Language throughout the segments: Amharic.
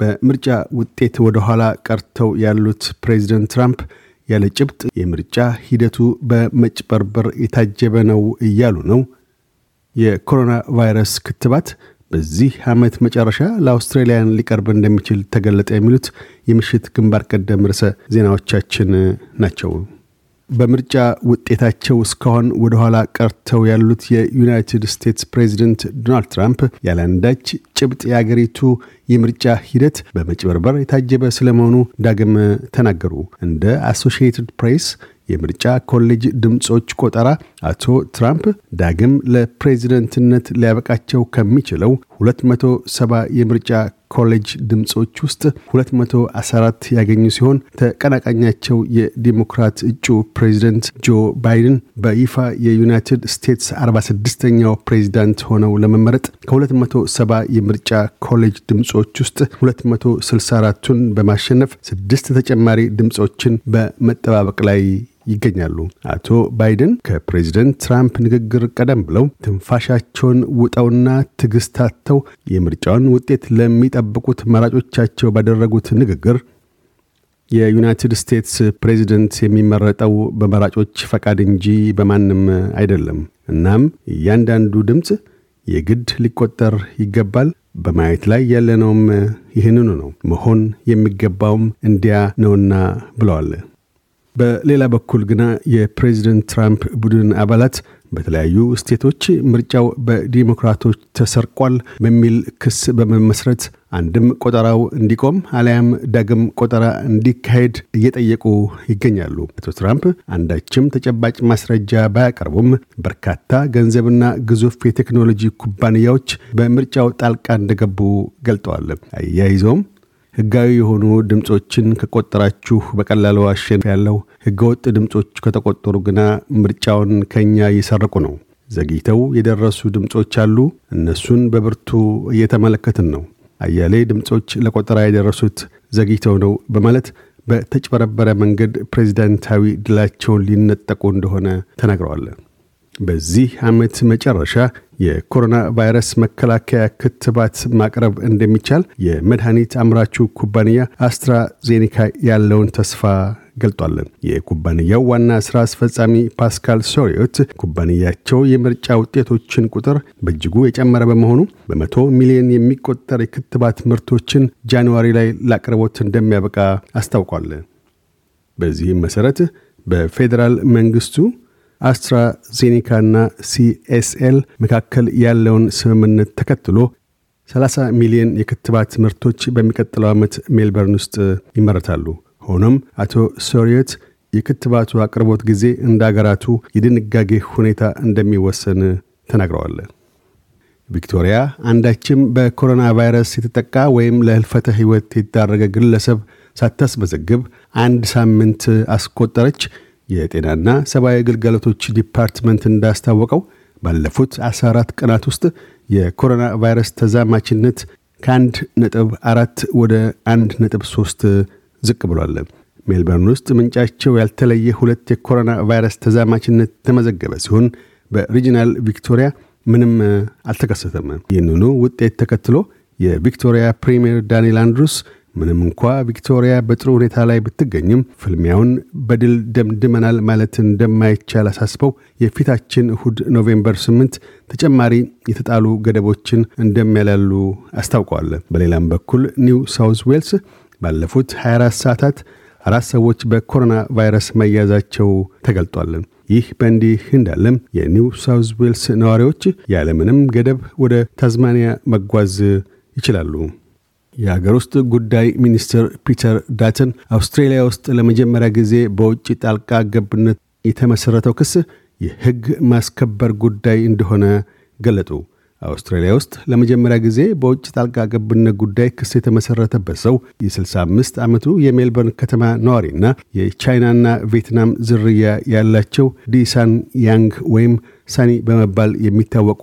በምርጫ ውጤት ወደኋላ ቀርተው ያሉት ፕሬዚደንት ትራምፕ ያለ ጭብጥ የምርጫ ሂደቱ በመጭበርበር የታጀበ ነው እያሉ ነው። የኮሮና ቫይረስ ክትባት በዚህ ዓመት መጨረሻ ለአውስትራሊያን ሊቀርብ እንደሚችል ተገለጠ። የሚሉት የምሽት ግንባር ቀደም ርዕሰ ዜናዎቻችን ናቸው። በምርጫ ውጤታቸው እስካሁን ወደኋላ ቀርተው ያሉት የዩናይትድ ስቴትስ ፕሬዚደንት ዶናልድ ትራምፕ ያለ አንዳች ጭብጥ የአገሪቱ የምርጫ ሂደት በመጭበርበር የታጀበ ስለመሆኑ ዳግም ተናገሩ። እንደ አሶሽትድ ፕሬስ የምርጫ ኮሌጅ ድምፆች ቆጠራ አቶ ትራምፕ ዳግም ለፕሬዚደንትነት ሊያበቃቸው ከሚችለው 270 የምርጫ ኮሌጅ ድምፆች ውስጥ 214 ያገኙ ሲሆን ተቀናቃኛቸው የዲሞክራት እጩ ፕሬዚደንት ጆ ባይደን በይፋ የዩናይትድ ስቴትስ 46ኛው ፕሬዚዳንት ሆነው ለመመረጥ ከ270 የምርጫ ምርጫ ኮሌጅ ድምፆች ውስጥ 264ቱን በማሸነፍ ስድስት ተጨማሪ ድምፆችን በመጠባበቅ ላይ ይገኛሉ። አቶ ባይደን ከፕሬዚደንት ትራምፕ ንግግር ቀደም ብለው ትንፋሻቸውን ውጠውና ትግስታተው የምርጫውን ውጤት ለሚጠብቁት መራጮቻቸው ባደረጉት ንግግር የዩናይትድ ስቴትስ ፕሬዚደንት የሚመረጠው በመራጮች ፈቃድ እንጂ በማንም አይደለም። እናም እያንዳንዱ ድምፅ የግድ ሊቆጠር ይገባል። በማየት ላይ ያለነውም ይህንኑ ነው። መሆን የሚገባውም እንዲያ ነውና ብለዋል። በሌላ በኩል ግና የፕሬዚደንት ትራምፕ ቡድን አባላት በተለያዩ ስቴቶች ምርጫው በዲሞክራቶች ተሰርቋል በሚል ክስ በመመስረት አንድም ቆጠራው እንዲቆም አሊያም ዳግም ቆጠራ እንዲካሄድ እየጠየቁ ይገኛሉ። አቶ ትራምፕ አንዳችም ተጨባጭ ማስረጃ ባያቀርቡም በርካታ ገንዘብና ግዙፍ የቴክኖሎጂ ኩባንያዎች በምርጫው ጣልቃ እንደገቡ ገልጠዋል። አያይዘውም ህጋዊ የሆኑ ድምፆችን ከቆጠራችሁ በቀላሉ አሸንፍ ያለው ህገወጥ ድምፆች ከተቆጠሩ ግና ምርጫውን ከኛ እየሰረቁ ነው። ዘግይተው የደረሱ ድምፆች አሉ። እነሱን በብርቱ እየተመለከትን ነው። አያሌ ድምፆች ለቆጠራ የደረሱት ዘግይተው ነው በማለት በተጭበረበረ መንገድ ፕሬዚዳንታዊ ድላቸውን ሊነጠቁ እንደሆነ ተናግረዋል። በዚህ ዓመት መጨረሻ የኮሮና ቫይረስ መከላከያ ክትባት ማቅረብ እንደሚቻል የመድኃኒት አምራቹ ኩባንያ አስትራዜኒካ ያለውን ተስፋ ገልጧለን የኩባንያው ዋና ስራ አስፈጻሚ ፓስካል ሶሪዮት ኩባንያቸው የምርጫ ውጤቶችን ቁጥር በእጅጉ የጨመረ በመሆኑ በመቶ ሚሊዮን የሚቆጠር የክትባት ምርቶችን ጃንዋሪ ላይ ለአቅርቦት እንደሚያበቃ አስታውቋል። በዚህም መሠረት በፌዴራል መንግስቱ አስትራዜኔካና ሲኤስኤል መካከል ያለውን ስምምነት ተከትሎ 30 ሚሊዮን የክትባት ምርቶች በሚቀጥለው ዓመት ሜልበርን ውስጥ ይመረታሉ። ሆኖም አቶ ሶሪዮት የክትባቱ አቅርቦት ጊዜ እንደ አገራቱ የድንጋጌ ሁኔታ እንደሚወሰን ተናግረዋል። ቪክቶሪያ አንዳችም በኮሮና ቫይረስ የተጠቃ ወይም ለህልፈተ ሕይወት የተዳረገ ግለሰብ ሳታስመዘግብ አንድ ሳምንት አስቆጠረች። የጤናና ሰብአዊ አገልግሎቶች ዲፓርትመንት እንዳስታወቀው ባለፉት 14 ቀናት ውስጥ የኮሮና ቫይረስ ተዛማችነት ከአንድ ነጥብ አራት ወደ አንድ ነጥብ ሶስት ዝቅ ብሏል። ሜልበርን ውስጥ ምንጫቸው ያልተለየ ሁለት የኮሮና ቫይረስ ተዛማችነት ተመዘገበ ሲሆን በሪጂናል ቪክቶሪያ ምንም አልተከሰተም። ይህንኑ ውጤት ተከትሎ የቪክቶሪያ ፕሪምየር ዳንኤል አንድሩስ ምንም እንኳ ቪክቶሪያ በጥሩ ሁኔታ ላይ ብትገኝም ፍልሚያውን በድል ደምድመናል ማለት እንደማይቻል አሳስበው የፊታችን እሁድ ኖቬምበር 8 ተጨማሪ የተጣሉ ገደቦችን እንደሚያላሉ አስታውቀዋል። በሌላም በኩል ኒው ሳውዝ ዌልስ ባለፉት 24 ሰዓታት አራት ሰዎች በኮሮና ቫይረስ መያዛቸው ተገልጧል። ይህ በእንዲህ እንዳለም የኒው ሳውዝ ዌልስ ነዋሪዎች ያለምንም ገደብ ወደ ታዝማኒያ መጓዝ ይችላሉ። የሀገር ውስጥ ጉዳይ ሚኒስትር ፒተር ዳትን አውስትሬልያ ውስጥ ለመጀመሪያ ጊዜ በውጭ ጣልቃ ገብነት የተመሠረተው ክስ የሕግ ማስከበር ጉዳይ እንደሆነ ገለጡ። አውስትራሊያ ውስጥ ለመጀመሪያ ጊዜ በውጭ ጣልቃ ገብነት ጉዳይ ክስ የተመሠረተበት ሰው የ65 ዓመቱ የሜልበርን ከተማ ነዋሪና የቻይናና ቪየትናም ዝርያ ያላቸው ዲሳን ያንግ ወይም ሳኒ በመባል የሚታወቁ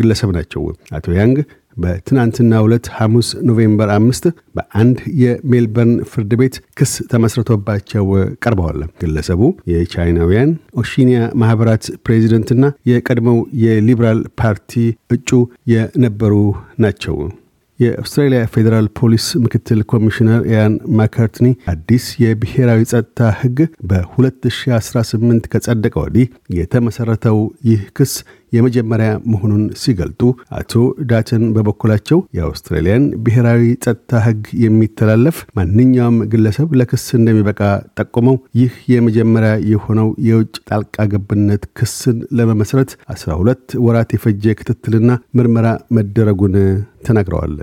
ግለሰብ ናቸው። አቶ ያንግ በትናንትና ሁለት ሐሙስ ኖቬምበር አምስት በአንድ የሜልበርን ፍርድ ቤት ክስ ተመስርቶባቸው ቀርበዋል። ግለሰቡ የቻይናውያን ኦሺኒያ ማኅበራት ፕሬዚደንትና የቀድሞው የሊብራል ፓርቲ እጩ የነበሩ ናቸው። የአውስትራሊያ ፌዴራል ፖሊስ ምክትል ኮሚሽነር ያን ማካርትኒ አዲስ የብሔራዊ ጸጥታ ሕግ በ2018 ከጸደቀ ወዲህ የተመሠረተው ይህ ክስ የመጀመሪያ መሆኑን ሲገልጡ፣ አቶ ዳትን በበኩላቸው የአውስትራሊያን ብሔራዊ ጸጥታ ሕግ የሚተላለፍ ማንኛውም ግለሰብ ለክስ እንደሚበቃ ጠቁመው ይህ የመጀመሪያ የሆነው የውጭ ጣልቃ ገብነት ክስን ለመመስረት 12 ወራት የፈጀ ክትትልና ምርመራ መደረጉን ተናግረዋል።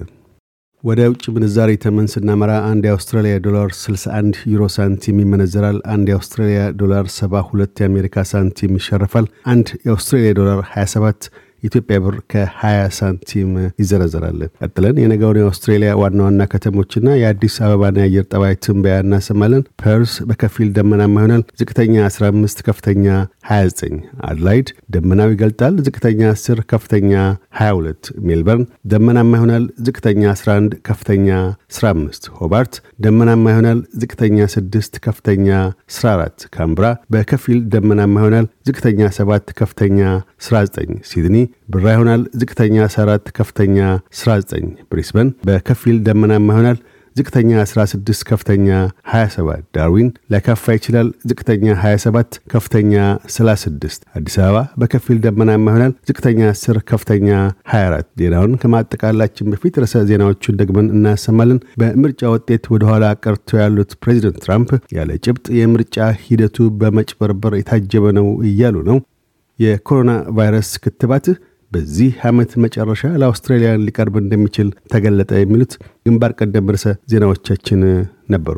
ወደ ውጭ ምንዛሪ ተመን ስናመራ አንድ የአውስትራሊያ ዶላር 61 ዩሮ ሳንቲም ይመነዘራል። አንድ የአውስትራሊያ ዶላር 72 የአሜሪካ ሳንቲም ይሸርፋል። አንድ የአውስትራሊያ ዶላር 27 ኢትዮጵያ ብር ከ20 ሳንቲም ይዘረዘራል። ቀጥለን የነገውን የአውስትሬሊያ ዋና ዋና ከተሞችና የአዲስ አበባን የአየር ጠባይ ትንበያ እናሰማለን። ፐርስ በከፊል ደመናማ ይሆናል። ዝቅተኛ 15፣ ከፍተኛ 29። አድላይድ ደመናው ይገልጣል። ዝቅተኛ 10፣ ከፍተኛ 22። ሜልበርን ደመናማ ይሆናል። ዝቅተኛ 11፣ ከፍተኛ 15። ሆባርት ደመናማ ይሆናል። ዝቅተኛ 6፣ ከፍተኛ 14። ካምብራ በከፊል ደመናማ ይሆናል። ዝቅተኛ 7፣ ከፍተኛ 19። ሲድኒ ብራ ይሆናል። ዝቅተኛ 14፣ ከፍተኛ 19። ብሪስበን በከፊል ደመናማ ይሆናል። ዝቅተኛ 16 ከፍተኛ 27። ዳርዊን ሊያካፋ ይችላል። ዝቅተኛ 27 ከፍተኛ 36። አዲስ አበባ በከፊል ደመናማ ይሆናል። ዝቅተኛ 10 ከፍተኛ 24። ዜናውን ከማጠቃላችን በፊት ርዕሰ ዜናዎቹን ደግመን እናሰማለን። በምርጫ ውጤት ወደ ኋላ ቀርቶ ያሉት ፕሬዚደንት ትራምፕ ያለ ጭብጥ የምርጫ ሂደቱ በመጭበርበር የታጀበ ነው እያሉ ነው። የኮሮና ቫይረስ ክትባት በዚህ ዓመት መጨረሻ ለአውስትራሊያን ሊቀርብ እንደሚችል ተገለጠ። የሚሉት ግንባር ቀደም ርዕሰ ዜናዎቻችን ነበሩ።